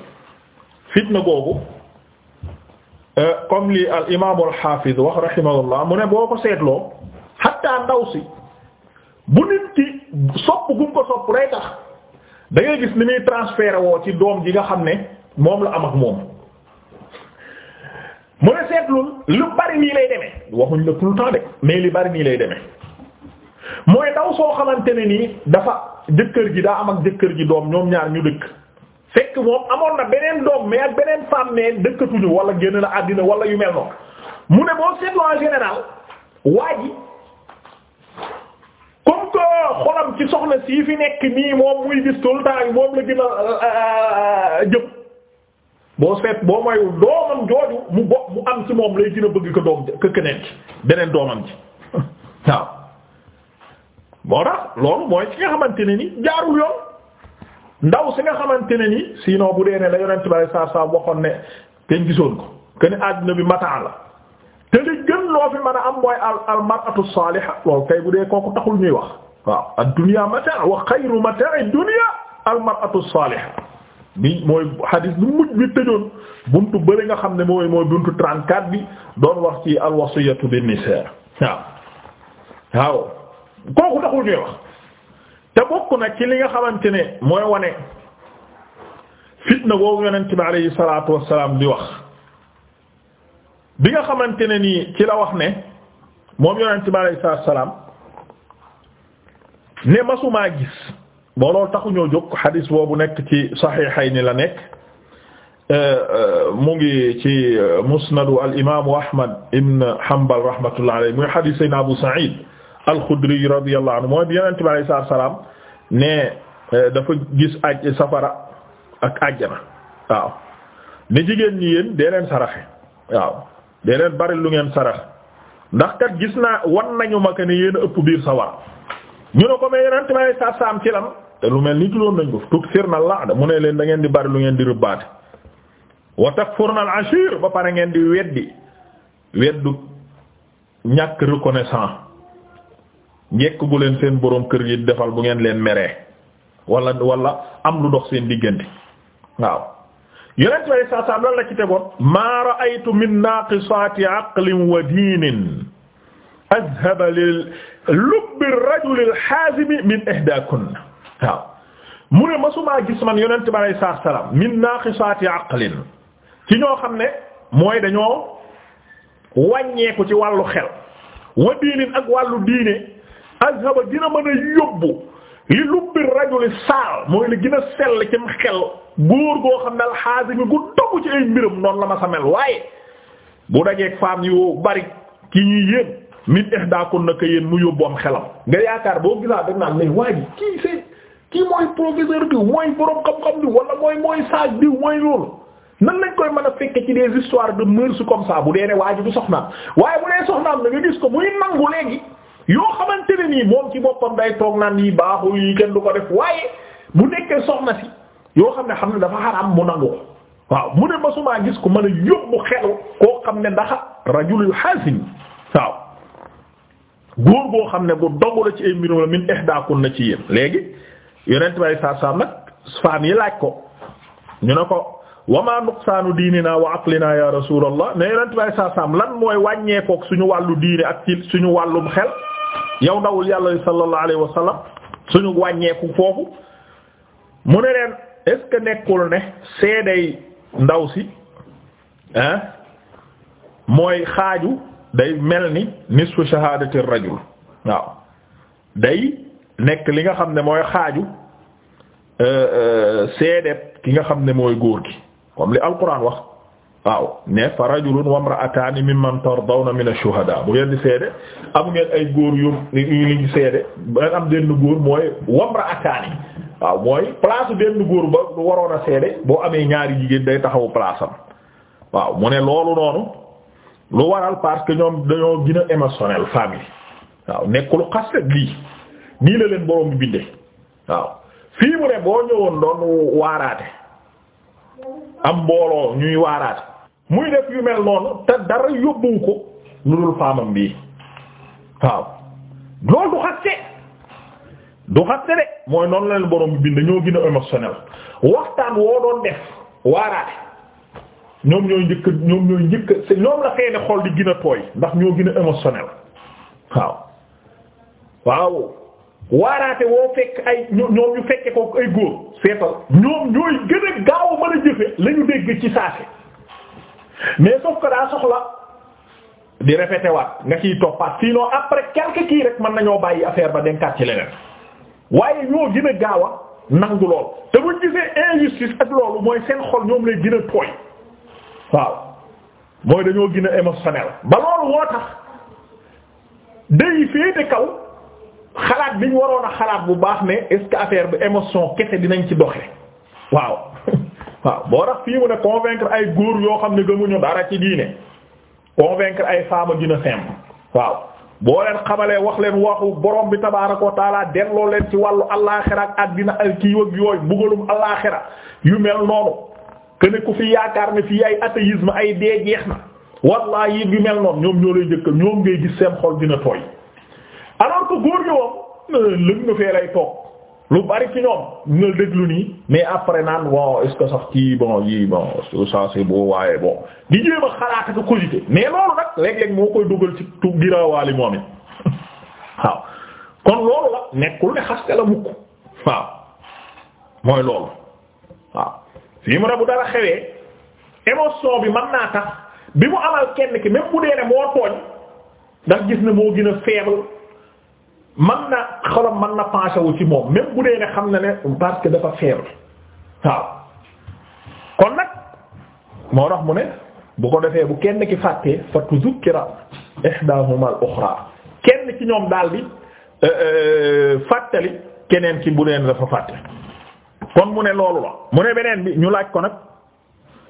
Speaker 1: fitna googu euh, comme li al imaamu al xaafiz wax mu ne boo ko seetloo xatta ndaw si bu nit ki sopp gum ko sopp lay tax da ngay gis ni muy transféré woo ci doom ji nga xam ne moom la am ak moom mu ne seetlul lu bari nii lay demee waxuñ la tout temps de mais li bari nii lay demee mooy daw soo xamante ne nii dafa jëkkër ji daa am ak jëkkër ji doom ñoom ñaar ñu dëkk fekk moom amoon na beneen doom mais ak beneen femme mais dëkkatuñu wala génn na àddina wala yu mel noonu mu ne boo seetloo en général waa ji comme que xolam ci soxna sii fi nekk nii moom muy gis tout temps yi moom la gën a euh, euh, euh, jëm boo seet boo mayul doomam jooju mu bo bu am ci moom lay gën bëgg ko doom ko keneen ci beneen doomam ci waaw moo tax loolu mooy ci nga xamante ne ni jaarul yoon ndaw si nga xamante ne ni bu dee ne la yonent bi saa saa waxoon ne kenn gisoon ko que àddina bi mataa la te li gën loo fi mën a am mooy al al mar'atu saaliha loolu kay bu dee kooku taxul ñuy wax waaw ad-dunya mataa wa xayru mataa'i dunya al mar'atu saaliha bi mooy hadis bu mujj bi tëjoon. bunt bëri nga xam ne mooy mooy buntu 34 bi doon wax ci alwasiyatu bin nisaa waaw waaw kooku taxul ñuy wax te bokk nag ci li nga xamante ne mooy wane fitna boobu yonent bi alayhi salaatu wassalaam di wax bi nga xamante ne nii ci la wax ne moom yonent bi alayhi salaatu wassalaam ne masumaa gis boo loolu taxuñoo jóg xadiis boobu nekk ci saxiixayni la nekk Euh, euh, mu ngi ci euh, musnadu al imaamu Ahmad ibn Hanbal rahmatullahi alayhi muy hadiis Sayyidina Abu Sa'id al-Khudri radiyallahu anhu mooy bi Yonent bi alayhi salaam ne dafa gis aj safara ak àjjana waaw ne jigéen ñi yéen dee leen saraxe waaw dee leen bari lu ngeen saraxe ndax kat gis naa wan nañu ma que ne yéen a ëpp biir sawar ñu ne ko mais Yonent bi alayhi salaatu wa ci lan te lu mel ni tuddoon nañ ko tukk sir na laada mu ne leen da ngeen di bari lu ngeen di rëbbaate. wa takfurna al-ashir ba pare ngeen di weddi weddu ñàkk reconnaissant njekk gu leen seen boroom kër yi defal bu ngeen leen meree wala wala am lu dox seen diggante waaw yeneen way saa saa lan la ci tegoon maa ra'aytu min naaqisaati aqlin wa diinin azhaba lil lubbi rajuli al-haazimi min ihdaakunna waaw mu ne masumaa gis man yonent bi alayhi salaam min naaqisaati aqlin ci ñoo xam ne mooy dañoo wàññeeku ci wàllu xel wa ak wàllu diine ak dina mën a yóbbu li lubbi rajuli saal mooy li gën a sell ci xel góor goo xam ne alxaasimi gu dogg ci ay mbiram noonu la ma sa mel waaye bu dajeeg femme yu bari ki ñuy yéen min ihdakun naka yéen mu yóbbu am xelam nga yaakaar boo gisaa ak naan lay waa ji kii c'est kii mooy professeur bi mooy borom xam-xam bi wala mooy mooy sage bi mooy loolu nan lañ koy mën a fekke ci des histoires de mœurs comme ça bu dee ne waa ji du soxnaam waaye bu dee soxnaam na nga gis ko muy nangu léegi yoo xamante ne nii moom ci boppam day toog naan nii baaxul yi kenn du ko def waaye bu nekkee soxna si yoo xam ne xam ne dafa xaraam mu nangu ko waaw mu ne masumaa gis ko mën a yóbbu xelu koo xam ne ndaxa rajulul hasim waaw góor boo xam ne bu dogu la ci ay mbirum la min ihdaakun na ci yéen léegi yonent bay saar saar nag faam yi laaj ko wa ma nuqsaanu diinina wa aqlina ya rasulallah ne yonent bi saa saam lan mooy wàññeekook suñu wàllu diine ak ci suñu wàllum xel yow ndawul yàlla sallallahu alayhi wa sallam suñu wàññeeku foofu mu ne leen est nekkul ne seeday ndaw si mooy xaaju day mel ni nisfu shahadati rajul waaw day nekk li nga xam ne mooy xaaju euh, euh, seedeb ki nga xam ne mooy góor gi comme li alquran wax waaw ne fa rajulun wa imra'atani mimman tardawna min ash-shuhada bu ngeen seede am ngeen ay góor yu li ñu seede ba am benn góor mooy wa imra'atani waaw mooy place benn góor ba waroon a seede boo amee ñaari jigéen day taxawu place am waaw mu ne loolu noonu lu waral parce que ñoom dañoo gën a émotionnel waaw nekk lu xas rek lii nii la leen borom bindee waaw fii mu ne boo ñëwoon doon waaraate. am mbooloo ñuy waaraat muy def yu mel noonu te dara yóbbuwu ko lu dul faamam bii waaw loolu du xaste du xaste de mooy noonu la leen borom bi bind ñoo gën a émotionnel waxtaan woo doon def waaraate ñoom ñooy njëkk ñoom ñooy njëkk ñoom la xëy xol di gën a tooy ndax ñoo gën a émotionnel waaw waaw waaraate woo fekk ay ñoom ñu fekke ko ay góor seetal ñoom ñooy gën a gaaw mën a jëfe la dégg ci saase mais sauf que daa soxla di répété waat nga ciy toppaat sinon après quelque kii rek mën nañoo bàyyi affaire ba denkaat ci leneen waaye ñoo gën a gaaw a nangu lool te buñ gisee injustice ak loolu mooy seen xol ñoom lay gën a tooy waaw mooy dañoo gën a émotionnel ba loolu woo tax day féete kaw. xalaat bi ñu waroon a xalaat bu baax ne est affaire bi émotion kese dinañ ci doxe waaw waaw boo tax fii mu ne convaincre ay góor yoo xam ne gëmuñu dara ci diine convaincre ay faama dina simple waaw boo leen xamalee wax leen waxu borom bi tabaaraka wa taala delloo leen ci wàllu allaaxira ak àddina ak kii ak yooyu bugalum allaaxira yu mel noonu ne ku fi yaakaar ne fii ay athéisme ay dee jeex na wallaahi yu mel noonu ñoom ñoo lay jëkk ñoom ngay gis seen xol dina tooy. alors que góor gi moom lëg nga fee lay toog lu bari ci ñoom ñu déglu nii mais après naan bon est-ce que sax kii bon yii bon waaye bon di jéem a xalaat ak mais loolu nag léeg-léeg moo koy dugal ci tu giraawaali moom it waaw kon loolu la nekkul ne xaste la mukk waaw mooy loolu waaw fii mu ne bu dara xewee émotion bi mën naa tax bi mu amal kenn ki même bu dee ne moo tooñ ndax gis ne moo gën a man na xolam man na pensé wu ci moom même bu dee ne xam na ne parce que dafa faible waaw kon nag moo tax mu ne bu ko defee bu kenn ki fàttee fa tuzukkira ihdahuma al-ukhra kenn ki ñoom daal di euh, euh, fàttali keneen ki bu dee dafa fàtte kon mu ne loolu la mu ne beneen bi ñu laaj ko nag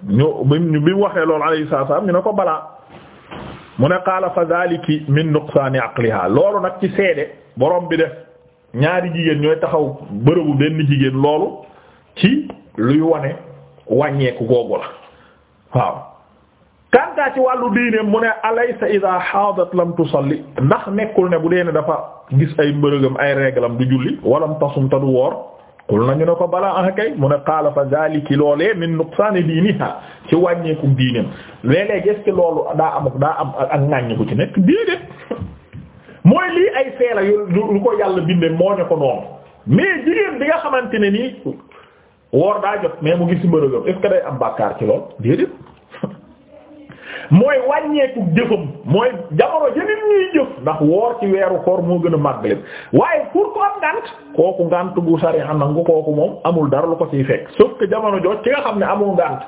Speaker 1: ñu bi mu waxee loolu alayhi salaam ñu ne ko balaa mu ne qaala fa zaliki min nuqsaani aqliha loolu nag ci seede boroom bi def ñaari jigéen ñooy taxaw bërëbu benn jigéen loolu ci luy wane wàññeeku googu la waaw kantaa ci wàllu diine mu ne alaysa ida haadat lam tusalli ndax nekkul ne bu dee ne dafa gis ay mbërëgam ay réglam du julli walam tasum ta du woor qul nañu ne ko balaa ah kay mu ne qaala fa zaliki loolee min nuqsaani diiniha ci wàññeeku diineem léeg-léeg est loolu daa am daa am ak ŋàññi ci nekk déedéet mooy lii ay seela yu lu ko yàlla bindee moo ne ko noonu mais jigéen bi nga xamante ne nii woor daa jot mais mu ngi ci mbërëgam est day am bàkkaar ci lool déedéet mooy wàññeeku jëfam mooy jamono jënit ñuy jëf ndax woor ci weeru koor moo gën a màgg leen waaye pour ko am ngànt kooku ngànt bu sari am nangu kooku moom amul dara lu ko ciy fekk sauf que jamono jot ci nga xam ne amul ngànt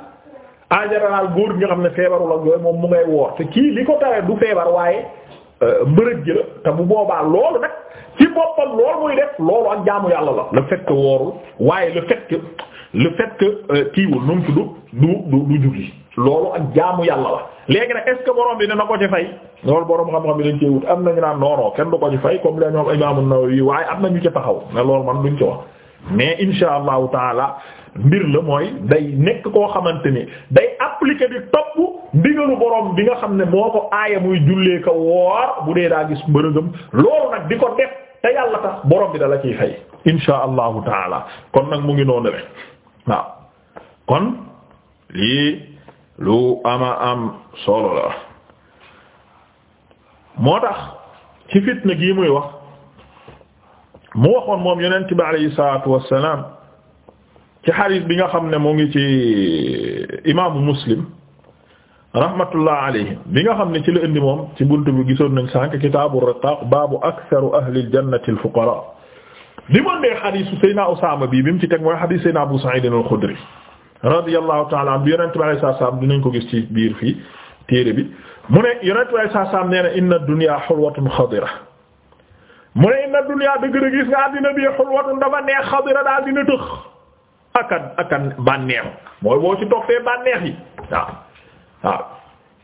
Speaker 1: en général góor gi nga xam ne feebarul ak yooyu moom mu ngay woor te kii li ko tare du feebar waaye euh, mbërëg gi la te bu boobaa loolu nag ci boppam loolu muy def loolu ak jaamu yàlla la le fait que woorul waaye la fait que le euh, kiiwul nu mu loolu ak jaamu yàlla la léegi nag est-ce que borom bi dina ko ci fay loolu borom xam-xam bi dañ cee wut am na ñu naan noonoo kenn du ko ci fay comme la ñoom Imaam An-Nawawi waaye am na ñu ci taxaw ne loolu man duñ ci wax mais insha allahu taala mbir la mooy day nekk koo xamante ni day appliquer di topp ndigalu borom bi nga xam ne moo ko aaya muy jullee ko woor bu dee daa gis mbërëgëm loolu nag di ko def te yàlla tax borom bi dala ciy fay insha allahu taala kon nag mu ngi noonu lu ama am solo la moo tax ci fitna gii muy wax mu waxoon moom yonent bi alayhi salaatu wassalaam ci xadiis bi nga xam ne moo ngi ci imaamu muslim rahmatullah alayhi bi nga xam ne ci la indi moom ci buntu bi gisoon nañ sànk kitaabu riqaaq baabu aktharu ahlil jannati al fuqaraa li mu ëndee xadiisu Seydina Usaama bi bi mu ci teg mooy xadiis Seydina Abu Sa'iid al-Xudri radiyallahu ta'ala bi yonent bi alayhi salaam dinañ ko gis ci biir fii téere bi mu ne yonent bi alayhi salaam nee na inna dunya hulwatun xadira mu ne inna dunya dëgg gis nga àddina bi hulwatun dafa neex xadira daal dina tëx akan akan bànneex mooy boo ci toppee bànneex yi waaw waaw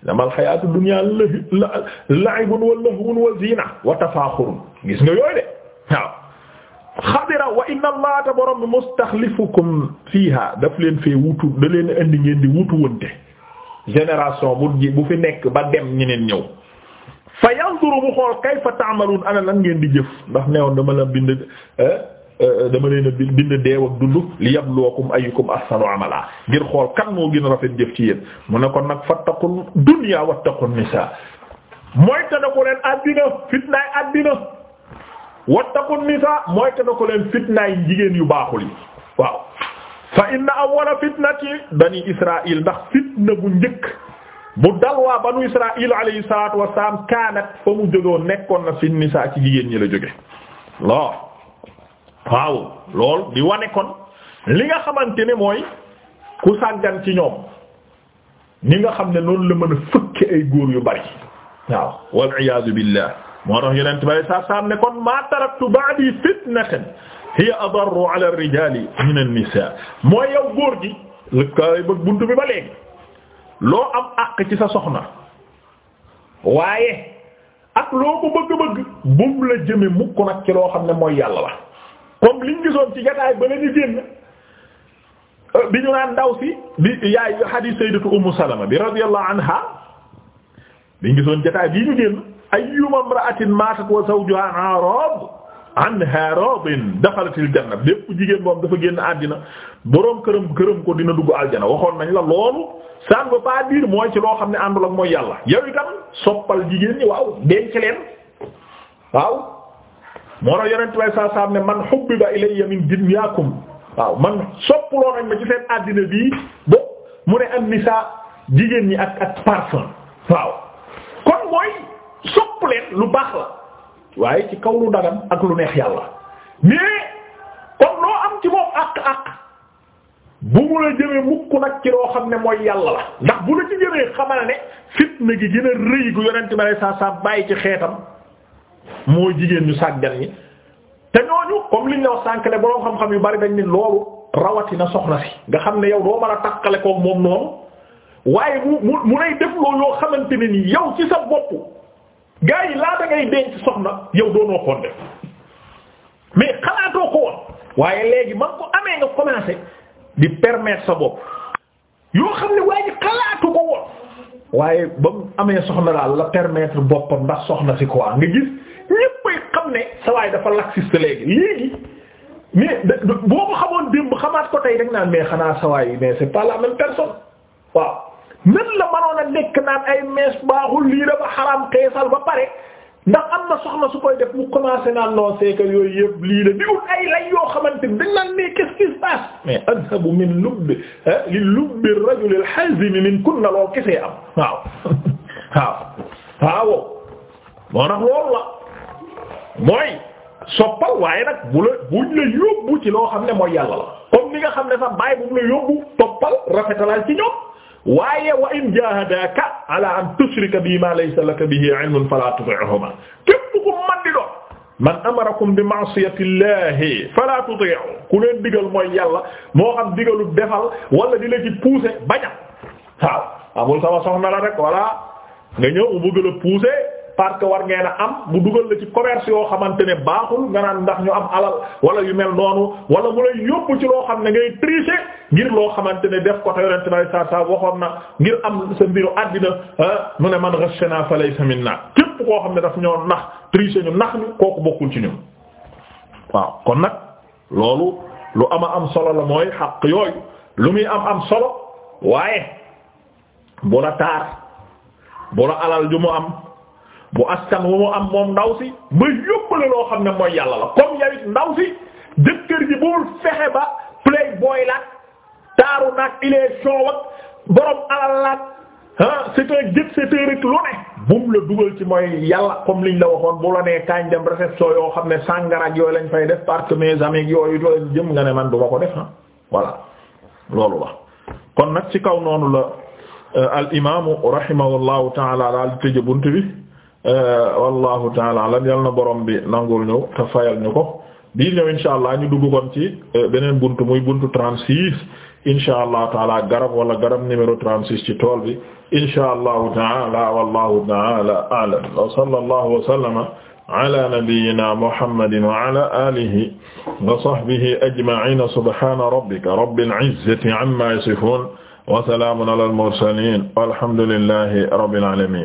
Speaker 1: damal xayaatu dunya la'ibun wa lahwun wa zina wa tafaaxurun gis nga yooyu de waaw xadira wa inna allah ta borom bi mustaxlifukum fiiha daf leen fee wutu da leen indi ngeen di wutu wante génération bu bu fi nekk ba dem ñeneen ñëw fa yanzuru bu xool kayfa ta'malun ana lan ngeen di jëf ndax neewoon dama la bind eh, eh, dama leen a bind deew ak dund li yabluwakum ayyukum ahsanu amala ngir xool kan moo gën a rafet jëf ci yéen mu ne kon nag fattaqu dunya wattaqu nisa mooy te na ko leen àddina fitnaay àddina wattaqun nisaa mooy te na ko leen fitnaay jigéen yu baaxul yi waaw fa inna awwala fitnati bani israil ndax fitna bu njëkk bu dal waa banu israil alayhi salaatu wasalaam kaanat fa mu jógoon nekkoon na fi nisaa ci jigéen ñi la jóge loo waaw lool di wane kon li nga xamante ne mooy ku sàggan ci ñoom ni nga xam ne noonu la mën a fëkke ay góor yu bari waaw wal iyaadu billah moo tax yeneen tubaab yi saa saa ne kon maa taraktu ba'di fitnatan hiya adarru ala ar-rijali min an-nisa mooy yow góor gi lëkkaay ba buntu bi ba léegi loo am àq ci sa soxna waaye ak loo ko bëgg-bëgg bum la jëme mukk nag ci loo xam ne mooy yàlla la comme liñ gisoon ci jotaay ba la ñu génn euh, bi ñu naan ndaw si bi yaay hadith sayyidatu ummu salama bi radiyallahu anha liñ gisoon jotaay bii ñu génn ayyuma imra'atin maatat wa zawjuha arad anha radin daxalatil janna bépp jigéen moom dafa génn àddina boroom këram këram ko dina dugg aljana waxoon nañ la loolu ça ne veut pas mooy ci loo xam ne àndul ak mooy yàlla yow itam soppal jigéen ñi waaw denc leen waaw moo tax yonent way saa saam ne man hubbiba ilayya min dunyakum waaw man soppaloo nañ ma ci seen àddina bii bo mu ne am nisaa jigéen ñi ak ak parfum waaw kon mooy sopp leen lu baax la waaye ci kaw lu dagan ak lu neex yàlla mais kon loo am ci moom àq àq bu mu la jëmee mukk nag ci loo xam ne mooy yàlla la ndax bu la ci jëmee xamal ne fitna gi gën a rëy gu yonent bi saa saa bàyyi ci xeetam mooy jigéen ñu sàggan ñi te ñooñu comme liñ la wax sànk ne boroom xam-xam yu bari dañ ni loolu rawatina soxna si nga xam ne yow doo mën a takkale koog moom noonu waaye mu mu mu lay def loolu yoo xamante ne ni yow ci sa bopp. gaa yi laata ngay denc soxna yow doonoo koon def mais xalaatoo ko woon waaye léegi man ko amee nga commencé di permettre sa bopp yoo xam ne waaye xalaatu ko woon waaye ba mu amee soxna daal la permettre boppam ndax soxna si quoi nga gis ñéppay xam ne sa waay dafa laxiste léegi léegi mais boo ko xamoon démb xamaat ko tey rek naan mais xanaa sa yi mais c'est pas la même personne waaw nan la mënoon a nekk naan ay mees baaxul lii dafa xaram xeesal ba pare ndax am na soxna su koy def mu commencé naan loo c'est que yooyu yëpp lii la ay lay yoo xamante ni dañ naan mais qu'est-ce qui se passe mais eh, li lubbi ar-rajul al-hazim min kunna loo kesee am waaw waaw waaw moo tax mooy soppal waaye nag bu la buñ la ci loo xam ne mooy yàlla la comme ni nga xam ne sax bàyyi bu mu la yóbbu toppal rafetalal ci ñoom waaye wa in jahadaka ala an tushrika bi ma laysa laka bihi ilmun fala tuti'huma képp ku man di doon man amarakum bi ma'siyati llahi fala tuti'u ku leen digal mooy yàlla moo xam digalu defal wala di la ci pousser baña waaw amul sama soxna la rek voilà nga ñëw mu bëgg la pousser parce que war ngeen am mu dugal la ci commerce yoo xamante ne baaxul nga naan ndax ñu am alal wala yu mel noonu wala mu lay yóbbu ci loo xam ne ngay tricher ngir loo xamante ne def ko te yonent waxoon na ngir am sa mbiru àddina ah, mu ne man ghashana fa laysa minna képp koo xam ne daf ñoo nax tricher ñu nax ñu kooku bokkul ci ñun waaw kon nag loolu lu ama am solo la mooy xaq yooyu lu muy am am solo waaye bu la taar bu la alal ju mu am bu askan wu mu am moom ndaw si ba yóbbale loo xam ne mooy yàlla la comme yawit ndaw si jëkkër ji bul fexe ba play boy la taaru nag il est show ak borom alal la ah c'est un jet-setteur rek lu ne bum la dugal ci mooy yàlla comme liñ la waxoon bu la nee kañ dem réception yoo xam ne sàngara ak yooyu lañ fay def parce que mes amis yooyu doole jëm nga ne man duma ko def ah voilà loolu la kon nag ci kaw noonu la euh, al imaamu rahimahullahu ta'ala daal di Euh, wallahu taala alam yal na borom bi nangul ñu te fayal ñu ko bii ñëw insha allah ñu dugg kon ci euh, beneen buntu muy buntu 36 insha allah taala garab wala garab numéro 36 ci tool bi insha allahu taala wallahu taala a'lam wa sallallahu wa sallama ala nabiyyina muhammadin wa ala alihi wa sahbihi ajma'in subhana rabbika rabbil izzati amma yasifun wa salamun ala al mursalin walhamdulillahi rabbil alamin